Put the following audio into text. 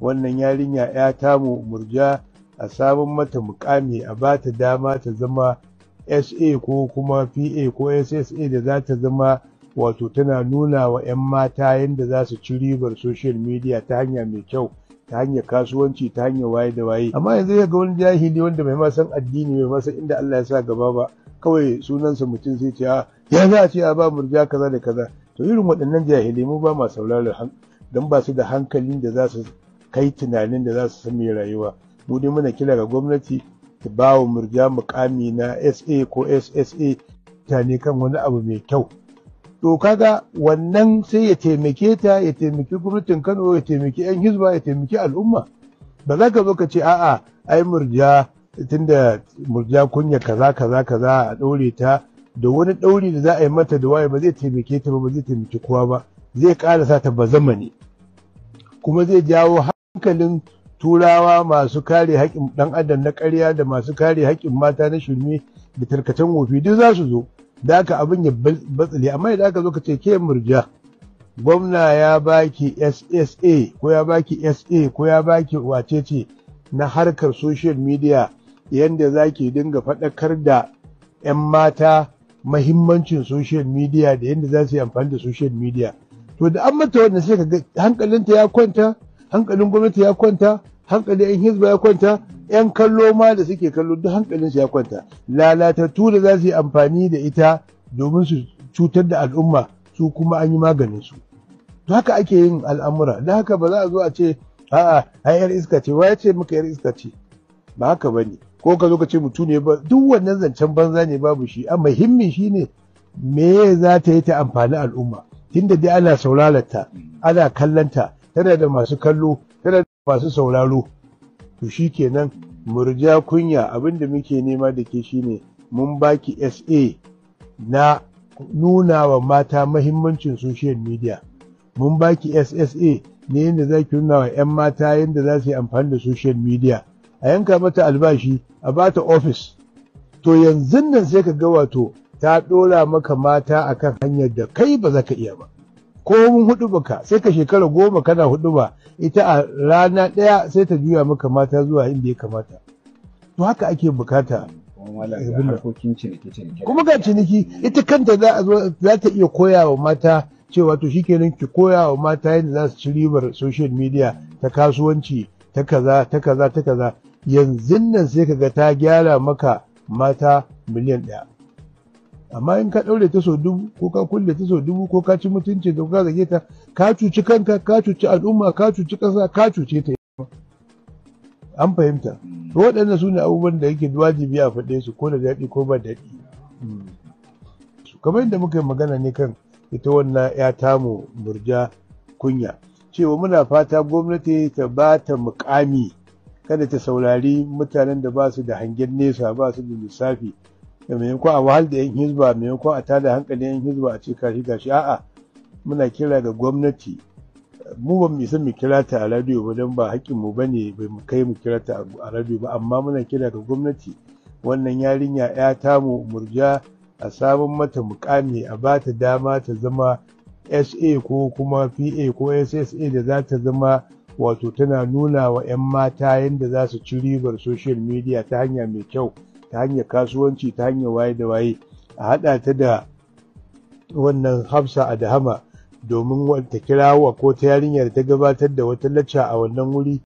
wannan yarinya ya tamu murja a sabon mata mukami a ba ta dama ta zama sa ko kuma pa ko ssa da za ta zama wato tana nuna wa 'yan mata yadda za su ci ribar social media ta hanya mai kyau ta hanyar kasuwanci ta hanyar waye da waye amma yanzu ga wani jahili wanda bai masan san addini bai ma inda Allah ya sa gaba ba kawai sunansa mutum sai ce ah, ya za a ce a ba murja kaza da kaza to irin waɗannan jahilai mu ba ma sauraron dan ba su da hankalin da za su kai tunanin da za su san rayuwa mu dai muna kira ga gwamnati ta ba wa murja mukami na sa ko ssa ta ne kan wani abu mai kyau to kaga wannan sai ya taimake ta ya taimaki gwamnatin kano ya taimaki yan hizba ya taimaki al'umma ba za ka zo ka ce a'a ai murja tunda murja kunya kaza kaza kaza a ɗaure ta da wani ɗauri da za a yi mata da waye ba zai taimake ta ba zai taimaki kowa ba zai ƙara sa ta ba zamani kuma zai jawo hankalin turawa masu kare haƙƙin ɗan adam na ƙarya da masu kare haƙƙin mata na shirme da tarkacen wofi duk za su zo da aka abin ya batsale amma idan aka zo ka ce ke murja gwamna ya baki ssa ko ya baki sa ko ya baki wacece na harkar social media yadda za ki dinga faɗakar da 'yan mata mahimmancin social media da yadda za su yi amfani da social media to da an mata wannan sai ka hankalinta ya kwanta hankalin gwamnati ya kwanta hankalin 'yan hizba ya kwanta 'yan kallo ma da suke kallo duk hankalinsu ya kwanta lalatattu da za su yi amfani da ita domin su cutar da al'umma su kuma an yi maganin su to haka ake yin al'amura da haka ba za a zo a ce a'a ai yar iska ce ya ce maka yar iska ce ba haka bane ko ka zo ka ce mutu ne ba duk wannan zancen banza ne babu shi amma muhimmin shine me za ta yi ta amfani al'umma tunda dai ana sauraron ta ana kallon ta tana da masu kallo tana da masu sauraro to shi kenan murja kunya abinda muke nema da ke shine mun baki sa na nuna wa mata mahimmancin social media mun baki ssa ne yadda za ki nuna wa 'yan mata yadda za su yi amfani da social media a yanka mata albashi a bata ofis to yanzu nan sai ka ga wato ta ɗora maka mata akan hanyar da kai ba za ka iya ba ko mun hudu baka sai ka shekara goma kana hudu ba ita a rana daya sai ta juya maka mata zuwa inda ya kamata to haka ake bukata kuma ga ciniki ita kanta za ta iya koya wa mata cewa to shi shikenan ki koya wa mata yadda za su ci ribar social media ta kasuwanci ta kaza ta kaza ta kaza yanzu nan sai ka ga ta gyara maka mata miliyan ɗaya amma in ka ɗaure ta sau dubu ko ka kulle ta sau dubu ko ka ci mutuncin da ka zage ta ka cuci kanka ka cuci al'umma ka cuci ƙasa ka cuce ta an fahimta to waɗannan su ne abubuwan da yake wajibi a faɗe su ko da daɗi ko ba daɗi hmm. kamar yadda muka yi magana ne kan ita wannan ya tamu murja kunya cewa muna fata gwamnati ta ba ta mukami kada ta saurari mutanen da ba su da hangen nesa ba su da lissafi da maimakon a wahal da yan hizba maimakon a tada hankalin yan hizba a ce kashi gashi a'a muna kira ga gwamnati mu ban mu san mu kira ta a radio ba don ba haƙƙin mu bane bai kai mu kira ta a radio ba amma muna kira ga gwamnati wannan yarinya ya ta mu murja a sabon mata mukami a ba ta dama ta zama sa ko kuma pa ko ssa da za ta zama wato tana nuna wa 'yan mata yadda za su ci ribar social media ta hanya mai kyau ta hanyar kasuwanci ta hanyar waye da waye a haɗa ta da wannan hafsa a dahama domin wata kirawa ko ta yarinyar ta gabatar da wata lacca a wannan wuri